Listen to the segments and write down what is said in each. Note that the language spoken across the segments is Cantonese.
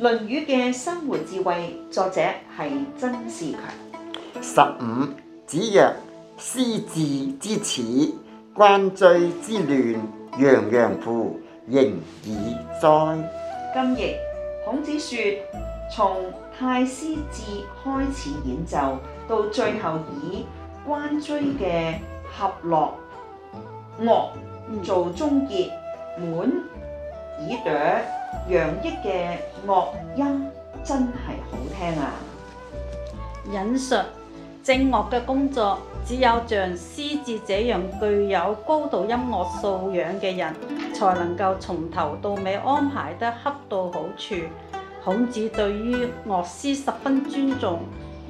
《論語》嘅生活智慧，作者係曾仕強。十五子曰：師摯之始，關雎之亂，洋洋乎，盈耳哉！今譯孔子說，從太師摯開始演奏，到最後以關雎嘅合樂樂做終結，滿耳朵。洋溢嘅樂音真係好聽啊！引述正樂嘅工作，只有像師摯這樣具有高度音樂素養嘅人，才能夠從頭到尾安排得恰到好處。孔子對於樂師十分尊重，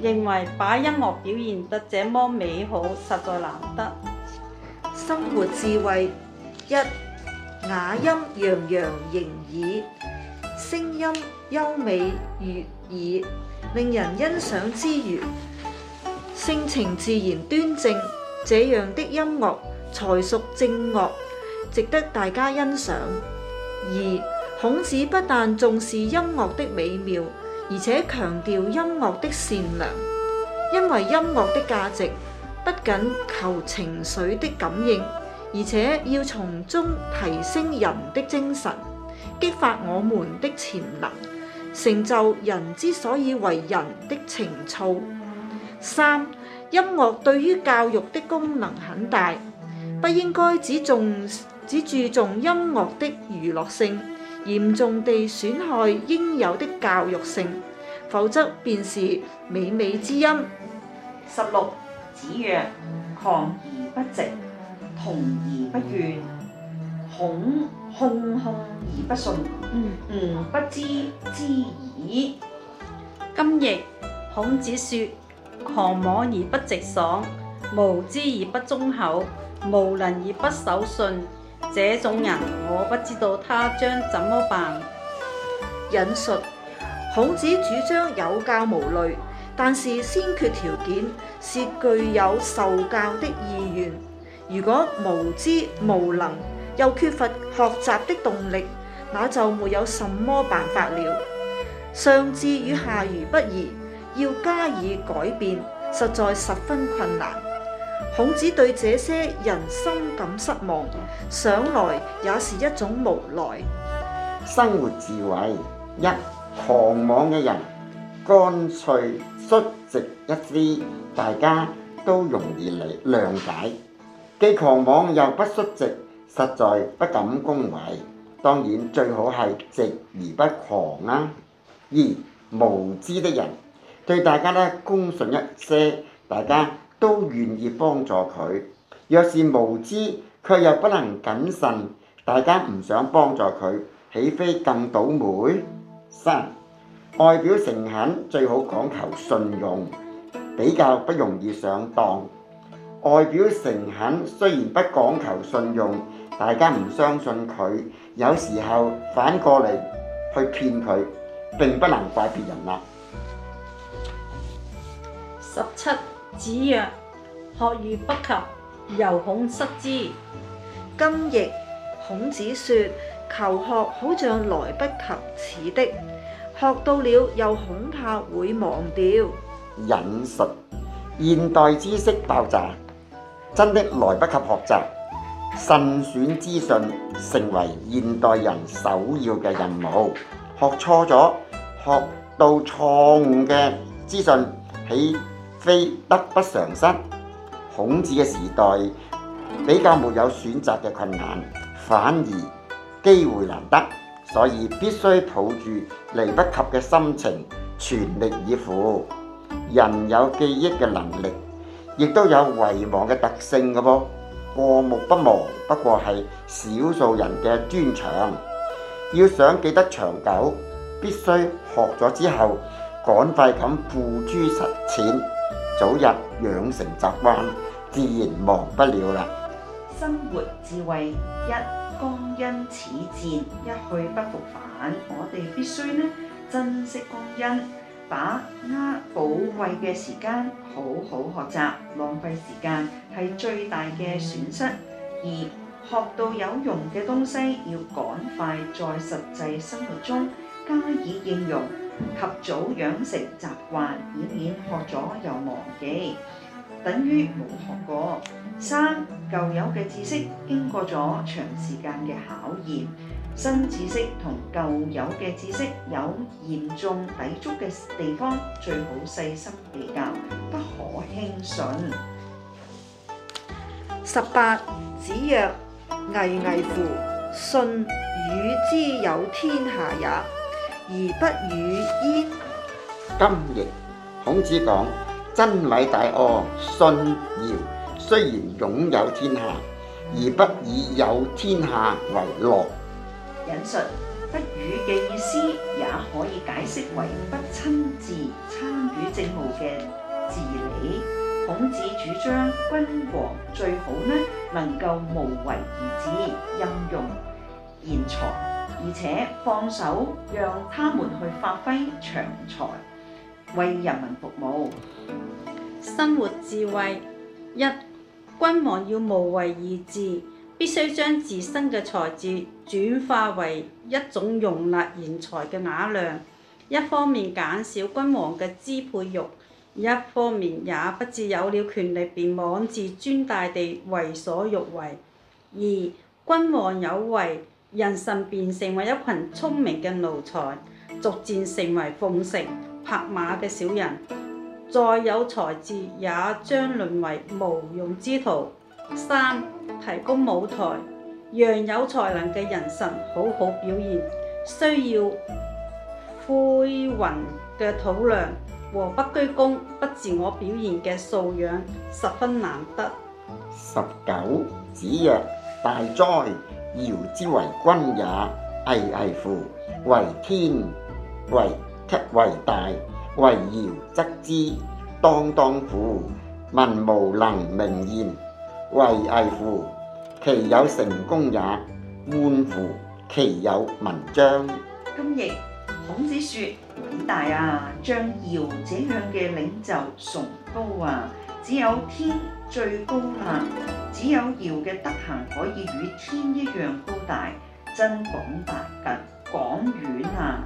認為把音樂表現得這麼美好，實在難得。生活智慧一。雅音洋洋盈耳，聲音優美悅耳，令人欣賞之餘，性情自然端正。這樣的音樂才屬正樂，值得大家欣賞。而孔子不但重視音樂的美妙，而且強調音樂的善良，因為音樂的價值不僅求情緒的感應。而且要從中提升人的精神，激發我們的潛能，成就人之所以為人的情操。三、音樂對於教育的功能很大，不應該只重只注重音樂的娛樂性，嚴重地損害應有的教育性，否則便是靡靡之音。十六，子曰：狂而不直。同而不怨，恐，空空而不信，吾、嗯嗯、不知之矣。今亦孔子説：狂妄而不直爽，無知而不忠厚，無能而不守信，這種人我不知道他將怎麼辦。引述孔子主張有教無類，但是先決條件是具有受教的意願。如果無知無能，又缺乏學習的動力，那就沒有什麼辦法了。上智與下愚不移，要加以改變，實在十分困難。孔子對這些人深感失望，想來也是一種無奈。生活智慧，一狂妄嘅人，乾脆率直一啲，大家都容易嚟諒解。既狂妄又不率直，實在不敢恭維。當然最好係直而不狂啦、啊。二、無知的人對大家呢，公信一些，大家都願意幫助佢。若是無知卻又不能謹慎，大家唔想幫助佢，豈非更倒楣？三、外表誠懇，最好講求信用，比較不容易上當。外表誠懇，雖然不講求信用，大家唔相信佢。有時候反過嚟去騙佢，並不能怪別人啊。十七子曰：學如不及，猶恐失之。今譯孔子說：求學好像來不及似的，學到了又恐怕會忘掉。引述，現代知識爆炸。真的來不及學習，慎選資訊成為現代人首要嘅任務。學錯咗，學到錯誤嘅資訊，豈非得不償失？孔子嘅時代比較沒有選擇嘅困難，反而機會難得，所以必須抱住來不及嘅心情，全力以赴。人有記憶嘅能力。亦都有遺忘嘅特性嘅噃，過目不忘不過係少數人嘅專長。要想記得長久，必須學咗之後，趕快咁付諸實踐，早日養成習慣，自然忘不了啦。生活智慧一，光陰似箭，一去不復返。我哋必須呢珍惜光陰。把握寶貴嘅時間，好好學習，浪費時間，係最大嘅損失。而學到有用嘅東西，要趕快在實際生活中加以應用，及早養成習慣，以免學咗又忘記。等於冇學過。三舊有嘅知識經過咗長時間嘅考驗，新知識同舊有嘅知識有嚴重抵觸嘅地方，最好細心比較，不可輕信。十八子曰：巍巍乎，舜禹之有天下也，而不與焉。今亦孔子講。真偉大哦！舜禹雖然擁有天下，而不以有天下為樂。引述不與嘅意思，也可以解釋為不親自參與政務嘅治理。孔子主張君王最好呢，能夠無為而治，任用賢才，而且放手讓他們去發揮長才。為人民服務。生活智慧一，君王要無為而治，必須將自身嘅才智轉化為一種容納賢才嘅雅量，一方面減少君王嘅支配欲，一方面也不至有了權力便妄自尊大地為所欲為。二，君王有為，人臣便成為一群聰明嘅奴才，逐漸成為奉承。拍馬嘅小人，再有才智，也將淪為無用之徒。三，提供舞台，讓有才能嘅人神好好表現，需要灰雲嘅肚量和不居功、不自我表現嘅素養，十分難得。十九，子曰：大哉，堯之為君也，巍巍乎，為天，為其為大，為堯則之，蕩蕩乎，民無能名焉。巍巍乎，其有成功也，煥乎其有文章。今譯：孔子説：偉大啊，像堯這樣嘅領袖崇高啊，只有天最高啦、啊，只有堯嘅德行可以與天一樣高大，真廣大近廣遠啊！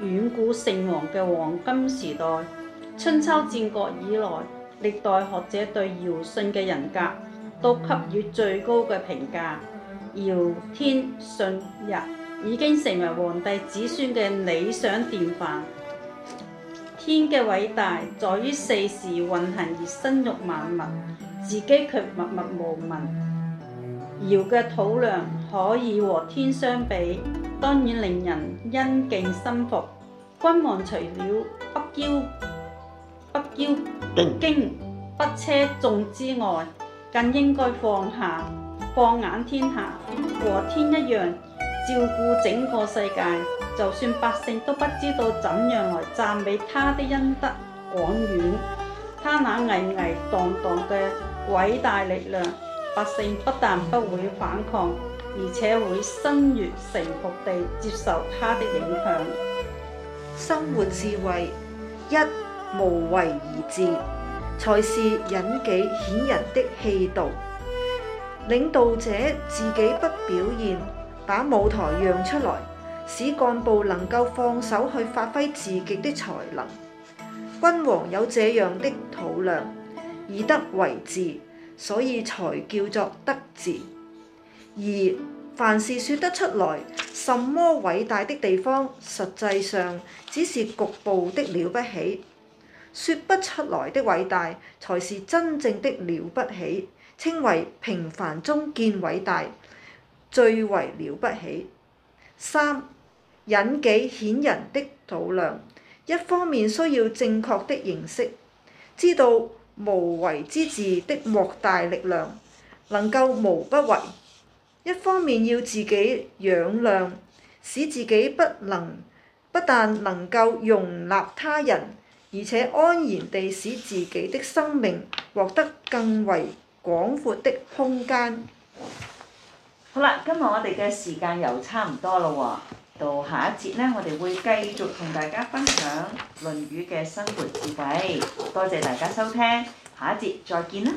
遠古聖王嘅黃金時代，春秋戰國以來，歷代學者對堯舜嘅人格都給予最高嘅評價。堯天舜日已經成為皇帝子孫嘅理想典範。天嘅偉大在於四時運行而生育萬物，自己卻默默無聞。堯嘅肚量可以和天相比。當然令人欽敬心服。君王除了不驕不嬌矜不奢縱之外，更應該放下放眼天下，和天一樣照顧整個世界。就算百姓都不知道怎樣來讚美他的恩德廣遠，他那巍巍蕩蕩嘅偉大力量，百姓不但不會反抗。而且會心悅誠服地接受他的影響。生活智慧一無為而治，才是隱己顯人的氣度。領導者自己不表現，把舞台讓出來，使幹部能夠放手去發揮自己的才能。君王有這樣的肚量，以德為治，所以才叫做德治。二，凡事說得出來，什麼偉大的地方，實際上只是局部的了不起。說不出來的偉大，才是真正的了不起，稱為平凡中見偉大，最為了不起。三，引己顯人的肚量，一方面需要正確的認識，知道無為之治的莫大力量，能夠無不為。一方面要自己養量，使自己不能不但能夠容納他人，而且安然地使自己的生命獲得更為廣闊的空間。好啦，今日我哋嘅時間又差唔多啦喎，到下一節咧，我哋會繼續同大家分享《論語》嘅生活智慧。多謝大家收聽，下一節再見啦！